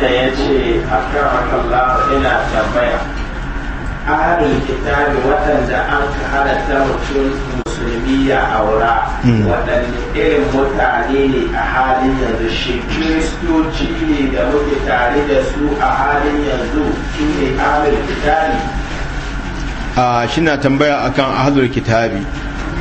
wanda ya ce a kan ina tambaya ahalin kitabi waɗanda an ka halatta mutum musulmi ya aura hmm. waɗanda irin mutane ne a halin yanzu shi kiristoci ne da muke tare da su a halin yanzu su ne ahalin kitabi a na tambaya akan ahalul kitabi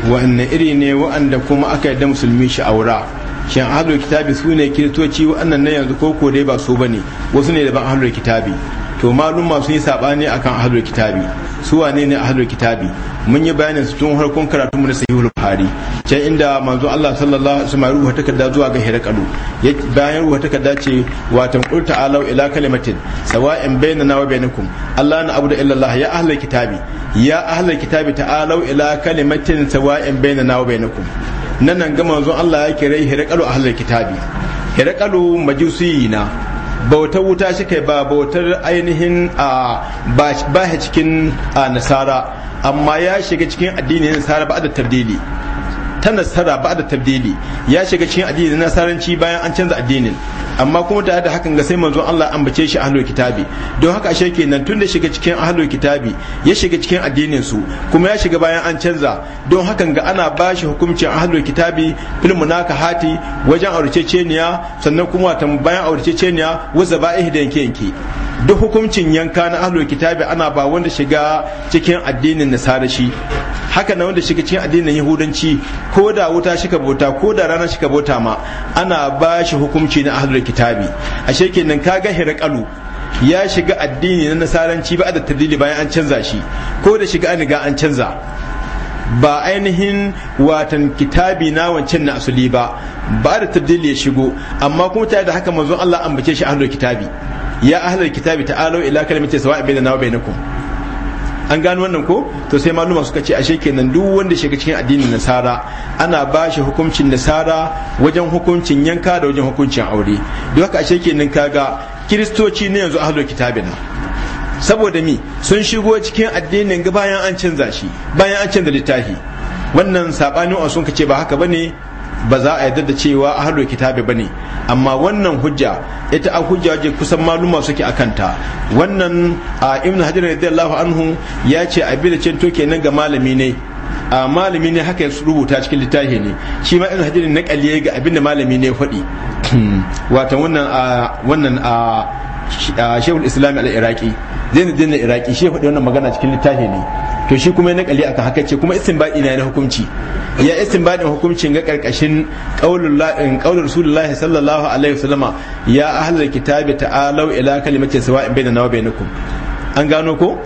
wa'anne iri ne wa'anda kuma aka yadda musulmi shi aura shin ahlul kitabi su ne kiristoci wannan ne yanzu koko dai ba su bane wasu ne daban ahlul kitabi to malumma sun yi sabani akan ahlul kitabi su wane ne ahlul kitabi mun yi bayanin su tun harkon karatunmu na sahihul bukhari can inda manzo Allah sallallahu alaihi wasallam ruwa takarda zuwa ga hirakalu bayan ruwa takarda ce watan qul ta'alu ila kalimatin sawa'in bainana wa bainakum Allah na abuda illa Allah ya ahlul kitabi ya ahlul kitabi ta'alu ila kalimatin sawa'in bainana wa bainakum nanan nan ga manzon Allah ya kira hirqalu ahlul kitabi hirqalu na bautar wuta shi kai ba bautar ainihin ba shi cikin nasara amma ya shiga cikin addinin nasara ba da tabdili ta nasara ba da tabdili ya shiga cikin addinin nasaranci bayan an canza addinin amma kuma tare da hakan ga sai manzon Allah ambace shi ahlul kitabi don haka ashe kenan tun da shiga cikin ahlul kitabi ya shiga cikin addinin su kuma ya shiga bayan an canza don hakan ga ana ba bashi hukuncin ahlul kitabi fil hati wajen ceniya sannan kuma bayan ceniya wa zaba'ih da yanke yanke duk hukuncin yanka na ahlul kitabi ana ba wanda shiga cikin addinin nasarashi haka na wanda shiga cikin addinin yahudanci ko da wuta shika bota ko da rana shika bota ma ana ba shi hukunci na ahlul kitabi ashe kenan kaga hirqalu ya shiga addini na nasaranci ba da tadili bayan an canza shi ko da shiga an an canza ba ainihin watan kitabi na wancan na asuli ba ba da tadili ya shigo amma kuma tare da haka manzon Allah ambace shi ahlul kitabi ya ahlal kitabi ta'alu ila kalimati sawa'in bainana wa bainakum an gano wannan ko to sai maluma suka ce ashe kenan duk wanda shiga cikin addinin nasara ana ba shi hukuncin nasara wajen hukuncin yanka da wajen hukuncin aure duk haka ashe kenan kaga kiristoci ne yanzu ahlul na. saboda mi sun shigo cikin addinin bayan an canza shi bayan an canza littafi wannan sabanin sun ka ce ba haka bane ba za a yarda da cewa ahlul kitabi bane amma wannan hujja ita a hujja je kusan maluma suke akan ta wannan ibnu hajar radiyallahu anhu ya ce a bida da toke nan ga malami ne a malami ne haka ya rubuta cikin littafi ne shi ma ibnu hajar na kaliye ga abin da malami ne faɗi wato wannan a wannan a shehul islam al-iraqi zainuddin al-iraqi shi ya faɗi wannan magana cikin littafi ne to shi kuma na kalli akan haka ce kuma istinbadi na hukunci ya istinbadin hukuncin ga karkashin qaulullahi kaulur rasulullahi sallallahu alaihi wasallama ya ahlul kitabi ta'alu ila kalimatin sawa'in bainana wa bainakum an gano ko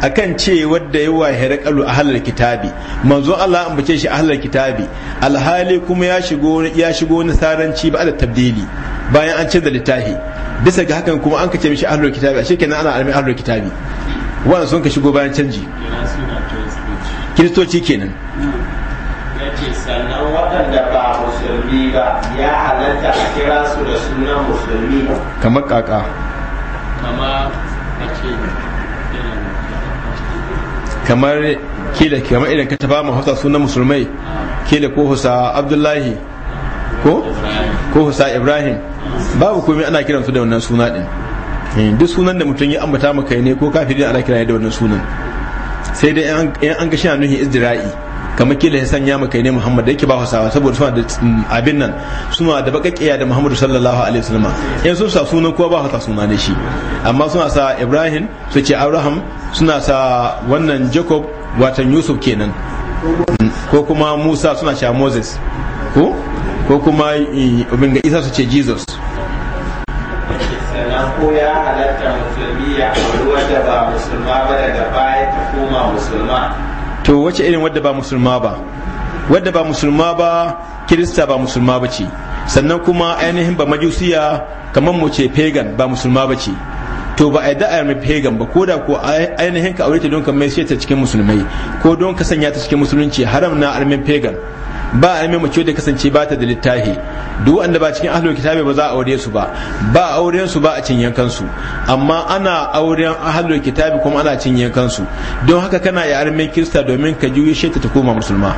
akan ce wadda ya wahira kalu a halar kitabi manzo Allah an bace shi a halar kitabi alhali kuma ya shigo ya shigo nasaranci ba da tabdili bayan an canza littafi bisa ga hakan kuma an kace mishi ahlul kitabi a shekenan ana almi ahlul kitabi wanda sun ka shigo bayan canji kiristoci kenan ya ce sannan waɗanda ba musulmi ba ya halatta a kira su da sunan musulmi kamar kaka kama a ce kamar kila kamar idan ka taba hausa sunan musulmai kila ko husa abdullahi ko ko husa ibrahim babu komai ana kiransu da wannan suna din Eh, duk sunan da mutum ya ambata maka ne ko kafiri ana kira da wannan sunan sai dai in an ga shi nuhin izdira'i kamar kila ya sanya maka ne muhammad da yake ba hasawa saboda suna da mm, abin nan suna da bakakkiya da muhammadu sallallahu alaihi wasallam in sun sa sunan kowa ba hasa suna ne shi amma suna sa ibrahim su ce abraham suna sa wannan jacob watan yusuf kenan mm, ko kuma musa suna sha moses ko ko kuma ubin eh, ga isa su ce jesus sannan ko ya halatta musulmi ya auri wadda ba musulma ba daga baya ta koma musulma to wace irin wadda ba musulma ba wadda ba musulma ba kirista ba musulma ba ce sannan kuma ainihin ba majusiya kamar mu ce pagan ba musulma ba ce to ba a yi da'ayar mai pagan ba ko da ko ainihin ka aure ta don ka mai ta cikin musulmai ko don ka sanya ta cikin musulunci haram na armin pagan ba a yi mace da kasance ba ta da littafi duk wanda ba cikin ahlul kitabi ba za a aure su ba ba auren su ba a cin yankan amma ana auren ahlul kitabi kuma ana cin yankan don haka kana ya armen kirista domin ka juye shi ta koma musulma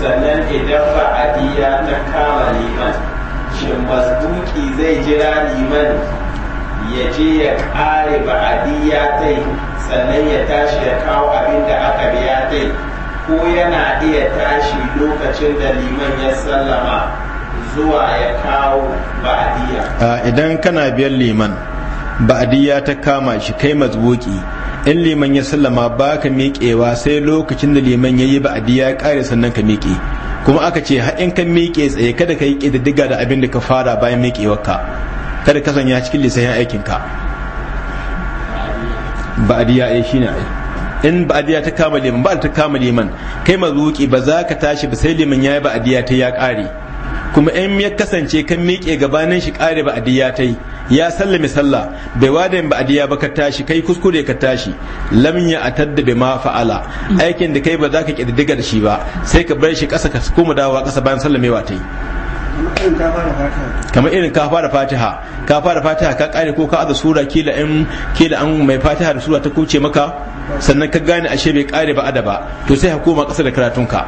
sannan idan ba'adiyya na kama liman shin masbuki zai jira liman ya je ya kare ba'adiyya ta sannan ya tashi ya kawo abin da aka biya ta ko yana iya tashi lokacin da liman ya sallama zuwa ya kawo ba'adiyya idan kana biyan liman ba'adiyya ta kama shi kai mazbuki in liman ya sallama ba ka miƙewa sai lokacin da liman ya yi ba'adiyya ƙare sannan ka miƙe kuma aka ce in ka miƙe tsaye kada ka yi ƙididdiga da abin da ka fara bayan miƙewarka kada ka sanya cikin lissafin aikinka ba'adiyya ya eh, shi ne ai in ba'diya ta kama liman ba ta kama liman kai mazuki ba za ka tashi ba sai liman yayi ba'diya ta ya kare kuma in ya kasance kan miƙe gabanin shi kare ba adiya ta ya sallame sallah bai wada yin adiya ba ka tashi kai kuskure ka tashi lam ya atadda bi ma fa'ala aikin da kai ba za ka kididdiga da shi ba sai ka bar shi ƙasa ka koma dawowa ƙasa bayan sallamewa ta yi kamar irin ka fara fatiha ka fara fatiha ka kare ko ka aza sura kila in kila an mai fatiha da sura ta kuce maka sannan ka gane ashe bai kare ba adaba to sai hukuma kasa da karatun ka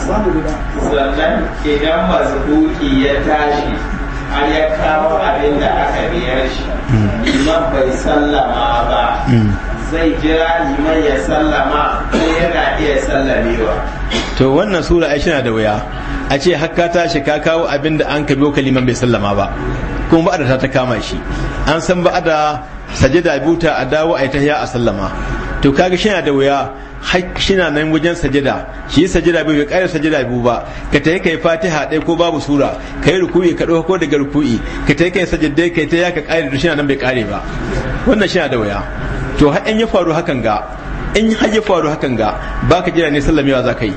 sannan idan mazduki ya tashi har ya kawo abin da aka biyar shi liman hmm. bai sallama ba zai jira liman ya sallama ko yana iya sallamewa to wannan sura ai na da wuya a ce hakka ta shi ka kawo abin da an ka biyo kaliman bai sallama ba kuma ba'ada ta ta kama shi an san ba'ada sajada buta a dawo a tahiya a sallama to kaga shi na da wuya na nan wajen sajada shi sajada bai kare sajada biyu ba ka tayi kai fatiha ɗaya ko babu sura ka yi ruku'i ka ɗauka ko daga ruku'i ka tayi kai sajada kai ta ya ka kare da shina nan bai kare ba wannan na da wuya to har in ya faru hakan ga in har ya faru hakan ga ka jira ne sallamewa za ka yi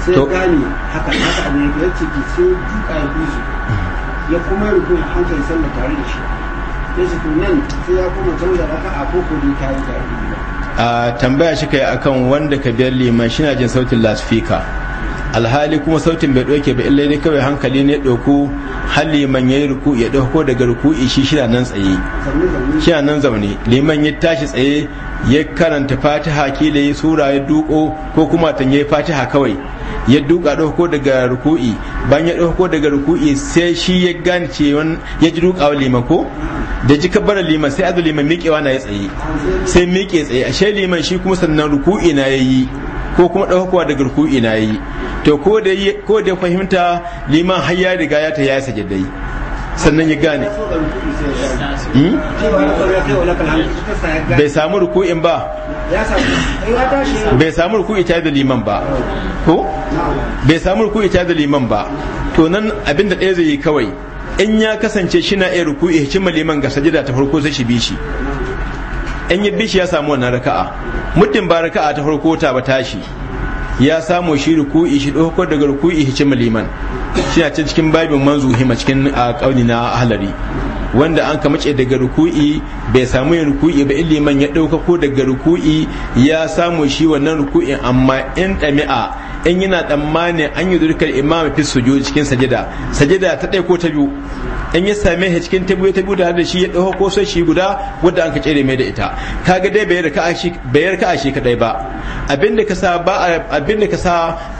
sai gane haka haka ne ya ciki sai duka ya bi ya kuma rubu ya hankali sallah tare da shi ya ce nan sai ya kuma canza raka a koko da ta yi tare da a tambaya shi kai akan wanda ka biyar liman shi na jin sautin lasfika alhali kuma sautin bai ɗauke ba illai ne kawai hankali ne ɗauku har liman ya yi ruku ya ɗauko daga ruku shi shina nan tsaye shina nan zaune liman ya tashi tsaye ya karanta fatiha kila ya sura ya duko ko kuma tan ya yi fatiha kawai ya duka ɗauko daga ruku'i bayan ya ɗauko daga ruku'i sai shi ya gane ce ya ji duka wa lima ko da ji kabbara lima sai azu lima miƙewa na ya tsaye sai miƙe tsaye ashe liman shi kuma sannan ruku'i na ya yi ko kuma ɗaukowa daga ruku'i na ya yi to ko da ya fahimta liman har ya riga ya ta ya sajadai sannan ya gane hmm? bai samu ruku'in ba bai samu ruku'i ta da liman ba ko bai samu ruku'i ta da liman ba to nan abin da ɗaya zai yi kawai in ya kasance shi na iya ruku'i cimma liman ga sajida ta farko sai shi bishi in ya bishi ya samu wannan raka'a muddin ba raka'a ta farko ta ba tashi ya samu shi ruku'i shi ɗaukar daga ruku'i cimma liman shi a cikin babin manzu hima cikin ƙauni na halari wanda an kamace daga ruku'i bai samu yin ruku'i ba man ya ɗauka ko daga ruku'i ya samu shi wannan ruku'in amma in ɗami'a in yana tsammanin an yi zurkar imam fi sujud cikin sajida sajida ta ɗaya ko ta biyu in ya same shi cikin tabu ya tabu da shi ya dawo ko sai shi guda wanda an ka cire mai da ita kaga dai bai raka shi bai shi kadai ba abinda ka sa ba abinda ka sa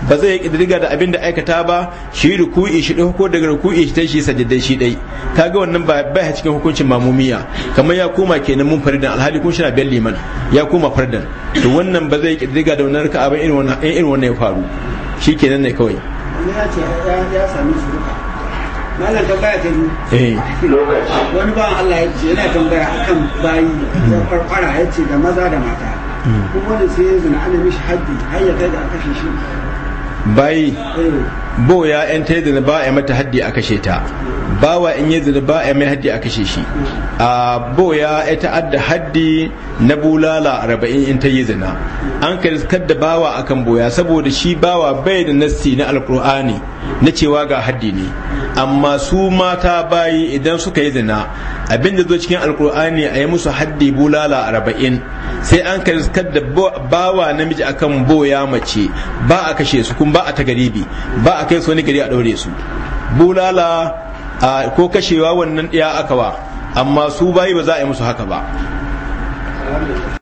ba zai kididdiga da abinda aikata ba shi ruku'i shi dawo ko daga ruku'i shi shi sajidai shi dai kaga wannan ba bai cikin hukuncin mamumiya kamar ya koma kenan mun faridan alhali kun shi na biyar liman ya koma fardan to wannan ba zai kididdiga da wannan raka'a ba irin wannan irin wannan ya faru shikenan ne kawai ya ce ya sami shi malam tambaya ta yi eh. wani bawan Allah ya ce yana tambaya akan bayi ya farfara ya ce da maza da mata hmm. kuma wani sai ya zina ana mishi haddi har ya kai da aka shi bayi eh. bo ya yan ta zina ba a mata haddi a kashe ta bawa in yi zina ba a mai haddi a kashe shi a bo ya ya ta'adda haddi na bulala arba'in in ta yi zina an ka riskar da bawa akan boya saboda shi bawa bai da nassi na alkur'ani na cewa ga haddi ne amma su mata bayi idan suka yi zina abin da zo cikin alkur'ani a yi musu haddi bulala arba'in sai an karskar da bawa namiji akan boya mace ba a kashe su kuma ba a ta garibi ba a kai su wani gari a ɗaure su bulala ko kashewa wannan ɗaya aka wa amma su bayi ba za a yi musu haka ba